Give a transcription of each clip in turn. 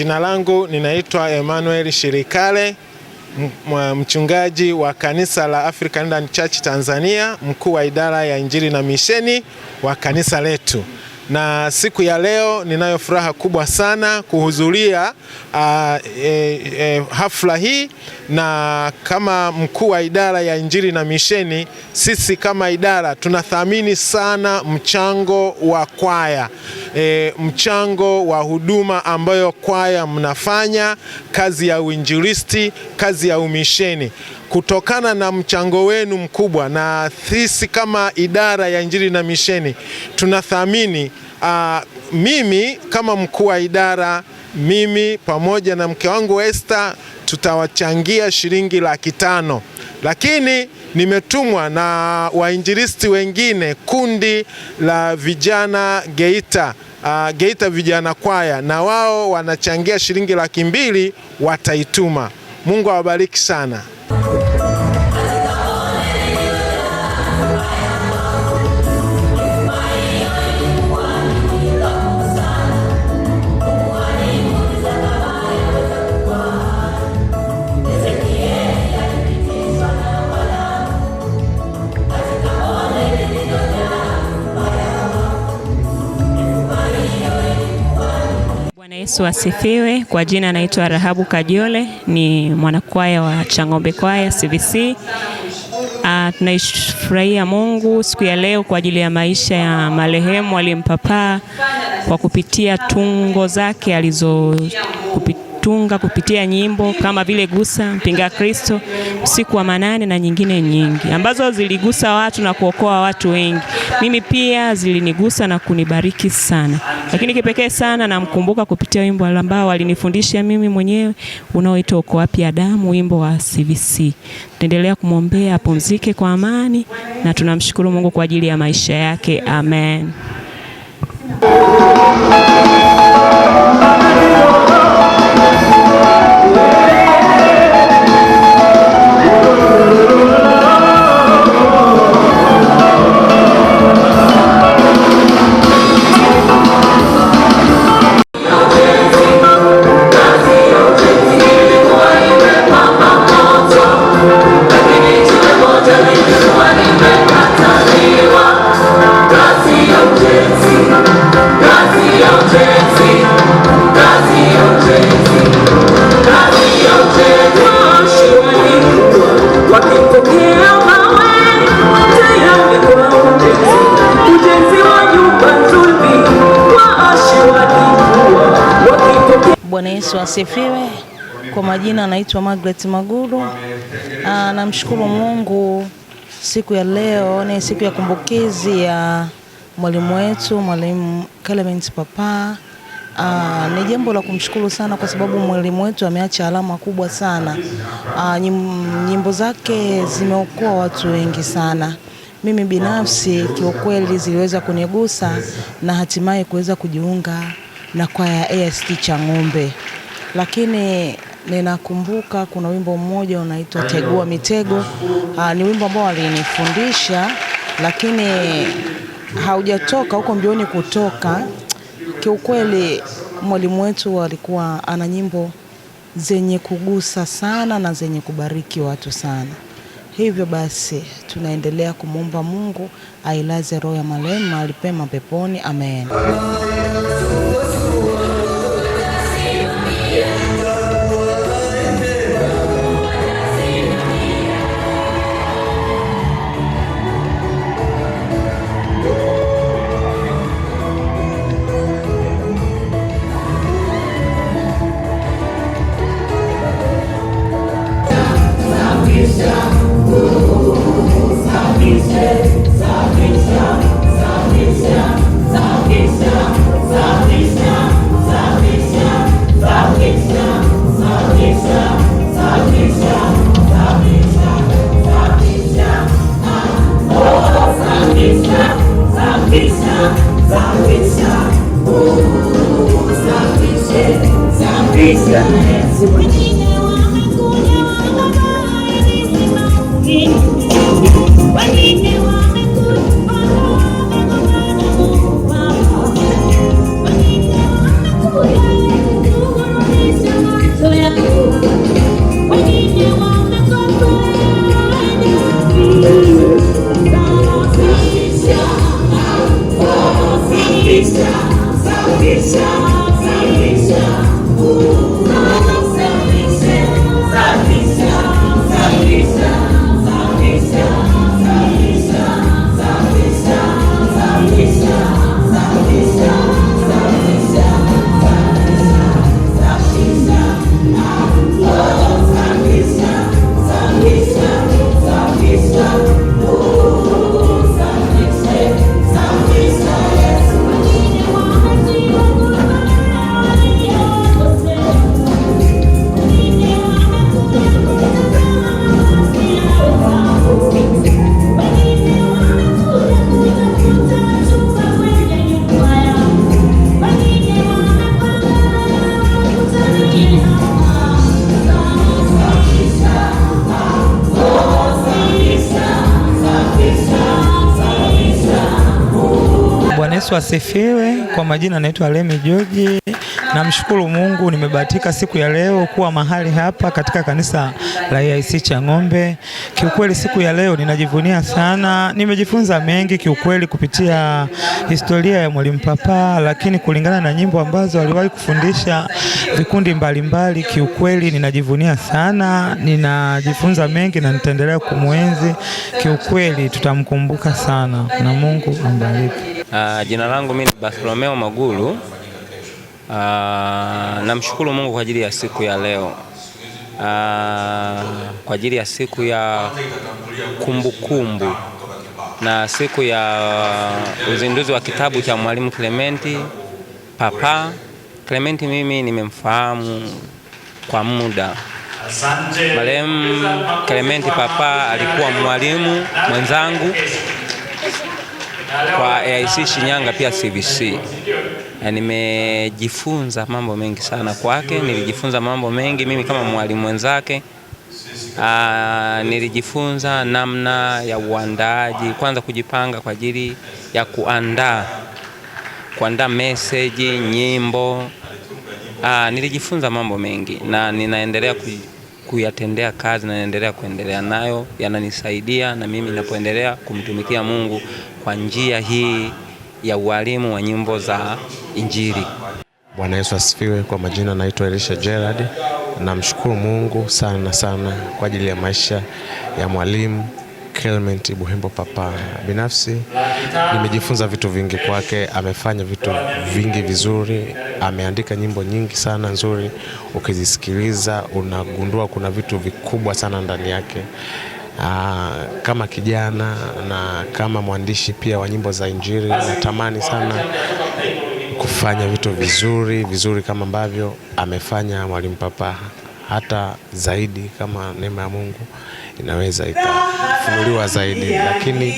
Jina langu ninaitwa Emmanuel Shirikale, mchungaji wa kanisa la African Land Church Tanzania, mkuu wa idara ya injili na misheni wa kanisa letu na siku ya leo ninayo furaha kubwa sana kuhudhuria uh, e, e, hafla hii, na kama mkuu wa idara ya Injili na Misheni, sisi kama idara tunathamini sana mchango wa kwaya e, mchango wa huduma ambayo kwaya mnafanya, kazi ya uinjilisti, kazi ya umisheni kutokana na mchango wenu mkubwa, na sisi kama idara ya Injili na Misheni tunathamini uh, mimi kama mkuu wa idara, mimi pamoja na mke wangu Esther tutawachangia shilingi laki tano lakini nimetumwa na wainjilisti wengine kundi la vijana Geita, uh, Geita vijana kwaya, na wao wanachangia shilingi laki mbili wataituma. Mungu awabariki sana. Yesu asifiwe. Kwa jina anaitwa Rahabu Kajole, ni mwanakwaya wa Chang'ombe Kwaya cvc Uh, ah, tunaifurahia Mungu siku ya leo kwa ajili ya maisha ya marehemu alimpapaa kwa kupitia tungo zake alizokupitia kutunga kupitia nyimbo kama vile Gusa, Mpinga Kristo, Usiku wa Manane na nyingine nyingi ambazo ziligusa watu na kuokoa watu wengi. Mimi pia zilinigusa na kunibariki sana, lakini kipekee sana namkumbuka kupitia wimbo ambao walinifundisha mimi mwenyewe unaoitwa Uko Wapi Adamu, wimbo wa CVC. Tuendelea kumwombea apumzike kwa amani na tunamshukuru Mungu kwa ajili ya maisha yake. Amen. Yesu asifiwe. Kwa majina anaitwa Margaret Maguru. Ah, namshukuru Mungu siku ya leo ni siku ya kumbukizi ya mwalimu wetu Mwalimu Clement Papa. Ah, ni jambo la kumshukuru sana kwa sababu mwalimu wetu ameacha alama kubwa sana. Ah, nyimbo zake zimeokoa watu wengi sana. Mimi binafsi kiukweli ziliweza kunigusa na hatimaye kuweza kujiunga na kwaya AST Chang'ombe lakini ninakumbuka kuna wimbo mmoja unaitwa Tegua Mitego. Aa, ah, ni wimbo ambao walinifundisha, lakini haujatoka huko mbioni kutoka. Kiukweli mwalimu wetu alikuwa ana nyimbo zenye kugusa sana na zenye kubariki watu sana. Hivyo basi tunaendelea kumwomba Mungu ailaze roho ya marehemu mahali pema peponi. Amen. Safisha, safisha, safisha. Yesu asifiwe. Kwa majina naitwa Lemi Joji. Namshukuru Mungu nimebahatika siku ya leo kuwa mahali hapa katika kanisa la cha Chang'ombe. Kiukweli siku ya leo ninajivunia sana, nimejifunza mengi kiukweli kupitia historia ya Mwalimu Papa, lakini kulingana na nyimbo ambazo aliwahi kufundisha vikundi mbalimbali kiukweli ninajivunia sana, ninajifunza mengi na nitaendelea kumwenzi kiukweli, tutamkumbuka sana na Mungu ambariki. Uh, jina langu mimi ni Bartholomeo Magulu. Uh, namshukuru Mungu kwa ajili ya siku ya leo. Uh, kwa ajili ya siku ya kumbukumbu kumbu na siku ya uzinduzi wa kitabu cha Mwalimu Clementi Papa. Clementi mimi nimemfahamu kwa muda. Marehemu Clementi Papa alikuwa mwalimu mwenzangu kwa AIC Shinyanga pia CVC. Nimejifunza mambo mengi sana kwake, nilijifunza mambo mengi mimi kama mwalimu mwenzake. Aa, ah, nilijifunza namna ya uandaaji, kwanza kujipanga kwa ajili ya kuandaa kuandaa meseji, nyimbo. Aa, ah, nilijifunza mambo mengi na ninaendelea kuyatendea kazi na naendelea kuendelea nayo, yananisaidia na mimi ninapoendelea kumtumikia Mungu kwa njia hii ya ualimu wa nyimbo za Injili. Bwana Yesu asifiwe. Kwa majina naitwa Elisha Gerard. Namshukuru Mungu sana sana kwa ajili ya maisha ya mwalimu Clement Buhembo Papa, binafsi nimejifunza vitu vingi kwake. Amefanya vitu vingi vizuri, ameandika nyimbo nyingi sana nzuri. Ukizisikiliza unagundua kuna vitu vikubwa sana ndani yake. Aa, ah, kama kijana na kama mwandishi pia wa nyimbo za Injili natamani sana kufanya vitu vizuri vizuri kama ambavyo amefanya Mwalimu Papa hata zaidi kama neema ya Mungu inaweza ikafunuliwa zaidi, lakini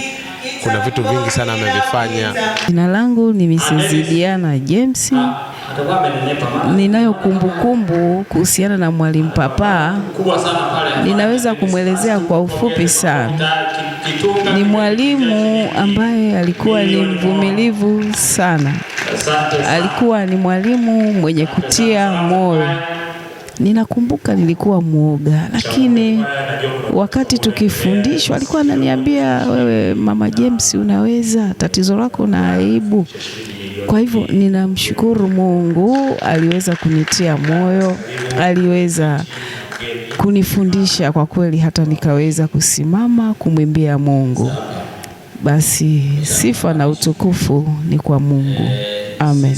kuna vitu vingi sana amevifanya. Jina langu ni Mrs. Diana James. Ninayo kumbukumbu kuhusiana na Mwalimu Papaa, ninaweza kumwelezea kwa ufupi sana. Ni mwalimu ambaye alikuwa ni mvumilivu sana, alikuwa ni mwalimu mwenye kutia moyo Ninakumbuka nilikuwa mwoga, lakini wakati tukifundishwa alikuwa ananiambia, wewe Mama James unaweza, tatizo lako na aibu. Kwa hivyo ninamshukuru Mungu, aliweza kunitia moyo, aliweza kunifundisha kwa kweli, hata nikaweza kusimama kumwimbia Mungu. Basi sifa na utukufu ni kwa Mungu. Amen.